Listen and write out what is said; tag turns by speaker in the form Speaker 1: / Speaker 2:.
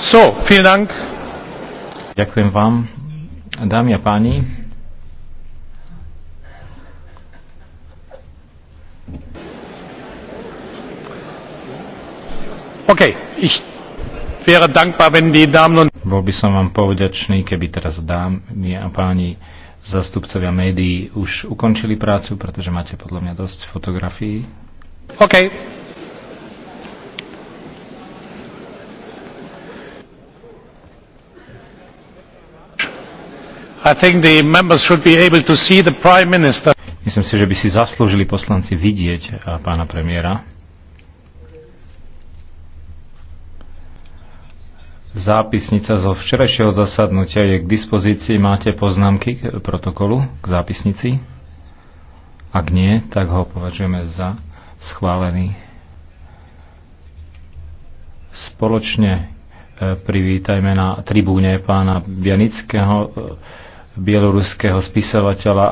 Speaker 1: So, vielen Dank. Ďakujem vám, dámy a páni. OK, ich wäre dankbar, wenn die Damen und Bol by som vám povďačný, keby teraz dámy a páni zastupcovia médií už ukončili prácu, pretože máte podľa mňa dosť fotografií. OK. Myslím si, že by si zaslúžili poslanci vidieť eh, pána premiéra. Zápisnica zo včerajšieho zasadnutia je k dispozícii. Máte poznámky k protokolu, k zápisnici? Ak nie, tak ho považujeme za schválený. Spoločne eh, privítajme na tribúne pána Bianického, eh, bieloruského spisovateľa